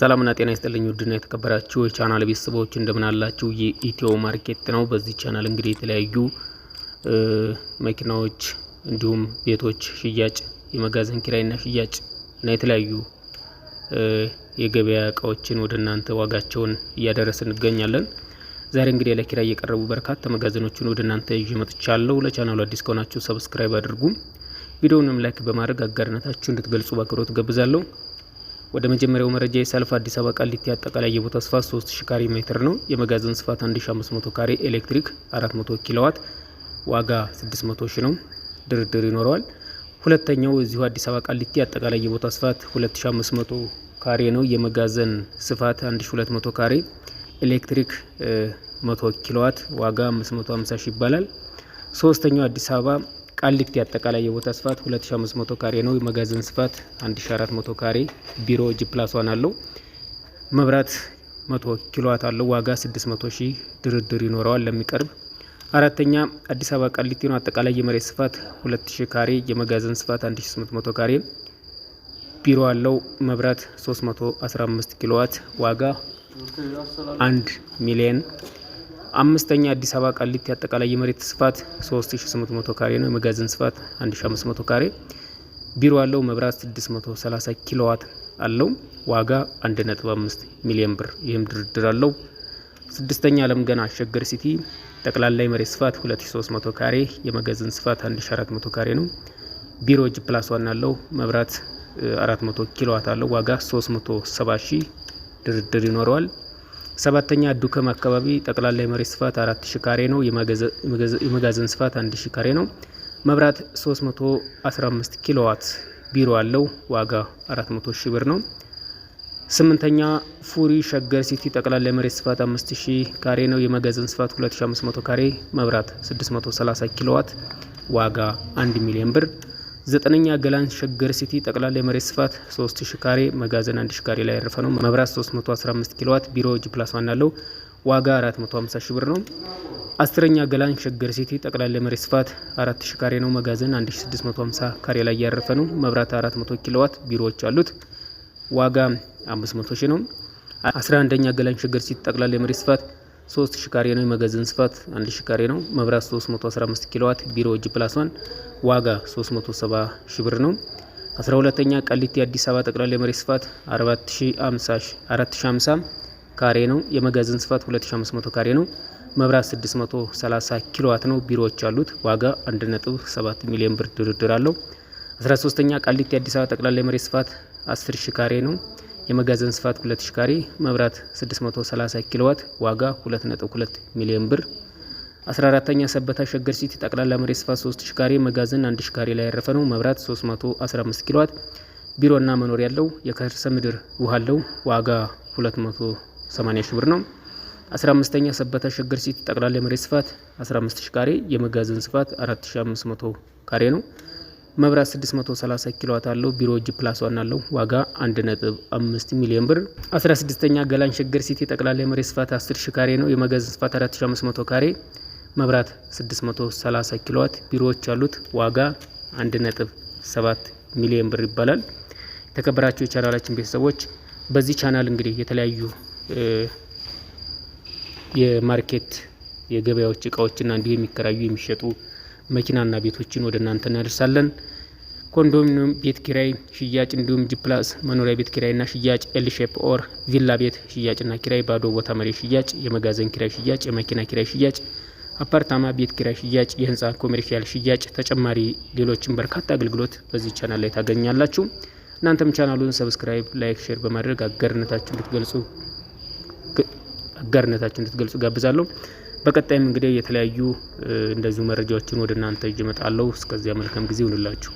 ሰላምና ጤና ይስጥልኝ ውድና የተከበራችሁ የቻናል ቤተሰቦች እንደምን አላችሁ? የኢትዮ ማርኬት ነው። በዚህ ቻናል እንግዲህ የተለያዩ መኪናዎች እንዲሁም ቤቶች ሽያጭ፣ የመጋዘን ኪራይና ሽያጭ እና የተለያዩ የገበያ እቃዎችን ወደ እናንተ ዋጋቸውን እያደረስ እንገኛለን። ዛሬ እንግዲህ ለኪራይ የቀረቡ በርካታ መጋዘኖችን ወደ እናንተ ይዤ መጥቻለሁ። ለቻናሉ አዲስ ከሆናችሁ ሰብስክራይብ አድርጉ፣ ቪዲዮውንም ላይክ በማድረግ አጋርነታችሁ እንድትገልጹ በአክብሮት እጋብዛለሁ። ወደ መጀመሪያው መረጃ የሳልፍ አዲስ አበባ ቃሊቲ አጠቃላይ የቦታ ስፋት 3000 ካሬ ሜትር ነው። የመጋዘን ስፋት 1500 ካሬ፣ ኤሌክትሪክ 400 ኪሎዋት፣ ዋጋ 600 ሺ ነው። ድርድር ይኖረዋል። ሁለተኛው እዚሁ አዲስ አበባ ቃሊቲ አጠቃላይ የቦታ ስፋት 2500 ካሬ ነው። የመጋዘን ስፋት 1200 ካሬ፣ ኤሌክትሪክ 100 ኪሎዋት፣ ዋጋ 550 ሺ ይባላል። ሶስተኛው አዲስ አበባ ቃሊቲ አጠቃላይ የቦታ ስፋት 2500 ካሬ ነው። የመጋዘን ስፋት 1400 ካሬ፣ ቢሮ ጂ ፕላስ ዋን አለው። መብራት 100 ኪሎዋት አለው። ዋጋ 600 ሺህ ድርድር ይኖረዋል ለሚቀርብ። አራተኛ አዲስ አበባ ቃሊቲ ነው። አጠቃላይ የመሬት ስፋት 2000 ካሬ፣ የመጋዘን ስፋት 1800 ካሬ፣ ቢሮ አለው። መብራት 315 ኪሎዋት ዋጋ 1 ሚሊዮን አምስተኛ አዲስ አበባ ቃሊቲ አጠቃላይ የመሬት ስፋት 3800 ካሬ ነው። የመጋዘን ስፋት 1500 ካሬ፣ ቢሮ አለው። መብራት 630 ኪሎዋት አለው። ዋጋ 1.5 ሚሊዮን ብር፣ ይህም ድርድር አለው። ስድስተኛ ዓለም ገና አሸገር ሲቲ ጠቅላላ የመሬት ስፋት 2300 ካሬ፣ የመጋዘን ስፋት 1400 ካሬ ነው። ቢሮ ጅ ፕላስ ዋን አለው። መብራት 400 ኪሎዋት አለው። ዋጋ 370 ሺህ፣ ድርድር ይኖረዋል። ሰባተኛ ዱከም አካባቢ ጠቅላላ የመሬት ስፋት አራት ሺ ካሬ ነው። የመጋዘን ስፋት አንድ ሺ ካሬ ነው። መብራት 315 ኪሎዋት ቢሮ አለው። ዋጋ 400 ሺ ብር ነው። ስምንተኛ ፉሪ ሸገር ሲቲ ጠቅላላ የመሬት ስፋት 5000 ካሬ ነው። የመጋዘን ስፋት 2500 ካሬ፣ መብራት 630 ኪሎዋት፣ ዋጋ 1 ሚሊዮን ብር ዘጠነኛ ገላን ሸገር ሲቲ ጠቅላላ የመሬት ስፋት 3000 ካሬ መጋዘን አንድ ሺ ካሬ ላይ ያረፈ ነው። መብራት 315 ኪሎዋት ቢሮ እጅ ፕላስ ዋን አለው። ዋጋ 450 ሺህ ብር ነው። አስረኛ ገላን ሸገር ሲቲ ጠቅላላ የመሬት ስፋት 4000 ካሬ ነው። መጋዘን 1650 ካሬ ላይ ያረፈ ነው። መብራት 400 ኪሎዋት ቢሮዎች አሉት። ዋጋ 500 ሺህ ነው። 11ኛ ገላን ሸገር ሲቲ ጠቅላላ የመሬት ስፋት ሶስት ሺ ካሬ ነው። የመጋዘን ስፋት አንድ ሺ ካሬ ነው። መብራት 315 ኪሎዋት ቢሮ እጅ ፕላስ ዋጋ 370 ሺ ብር ነው። 12ተኛ ቃሊቲ የአዲስ አበባ ጠቅላላ የመሬት ስፋት 4050 ካሬ ነው። የመጋዘን ስፋት 2500 ካሬ ነው። መብራት 630 ኪሎዋት ነው። ቢሮዎች አሉት። ዋጋ 1.7 ሚሊዮን ብር ድርድር አለው። 13ተኛ ቃሊቲ የአዲስ አበባ ጠቅላላ የመሬት ስፋት 10 ሺ ካሬ ነው። የመጋዘን ስፋት 2000 ካሬ፣ መብራት 630 ኪሎዋት፣ ዋጋ 2.2 ሚሊዮን ብር። 14ኛ ሰበታ ሸገር ሲቲ ጠቅላላ መሬት ስፋት 3000 ካሬ፣ መጋዘን 1000 ካሬ ላይ ያረፈ ነው። መብራት 315 ኪሎዋት፣ ቢሮና መኖር ያለው የከርሰ ምድር ውሃ አለው። ዋጋ 280 ሺህ ብር ነው። 15ኛ ሰበታ ሸገር ሲቲ ጠቅላላ መሬት ስፋት 15000 ካሬ፣ የመጋዘን ስፋት 4500 ካሬ ነው። መብራት 630 ኪሎዋት አለው። ቢሮ እጅ ፕላስ ዋን አለው። ዋጋ 1.5 ሚሊዮን ብር። 16ኛ ገላን ሸገር ሲቲ ጠቅላላ የመሬት ስፋት 10 ሺ ካሬ ነው። የመጋዘን ስፋት 4500 ካሬ፣ መብራት 630 ኪሎዋት፣ ቢሮዎች አሉት። ዋጋ 1.7 ሚሊዮን ብር ይባላል። የተከበራችሁ የቻናላችን ቤተሰቦች በዚህ ቻናል እንግዲህ የተለያዩ የማርኬት የገበያዎች እቃዎችና እንዲሁ የሚከራዩ የሚሸጡ መኪናና ቤቶችን ወደ እናንተ እናደርሳለን። ኮንዶሚኒየም ቤት ኪራይ ሽያጭ፣ እንዲሁም ጂፕላስ መኖሪያ ቤት ኪራይና ሽያጭ፣ ኤልሼፕ ኦር ቪላ ቤት ሽያጭና ኪራይ፣ ባዶ ቦታ መሬት ሽያጭ፣ የመጋዘን ኪራይ ሽያጭ፣ የመኪና ኪራይ ሽያጭ፣ አፓርታማ ቤት ኪራይ ሽያጭ፣ የህንፃ ኮሜርሻል ሽያጭ፣ ተጨማሪ ሌሎችን በርካታ አገልግሎት በዚህ ቻናል ላይ ታገኛላችሁ። እናንተም ቻናሉን ሰብስክራይብ፣ ላይክ፣ ሼር በማድረግ አጋርነታችሁ እንድትገልጹ አጋርነታችሁ እንድትገልጹ ጋብዛለሁ። በቀጣይም እንግዲህ የተለያዩ እንደዚሁ መረጃዎችን ወደ እናንተ እጅ እመጣለሁ። እስከዚያ መልካም ጊዜ ይሁንላችሁ።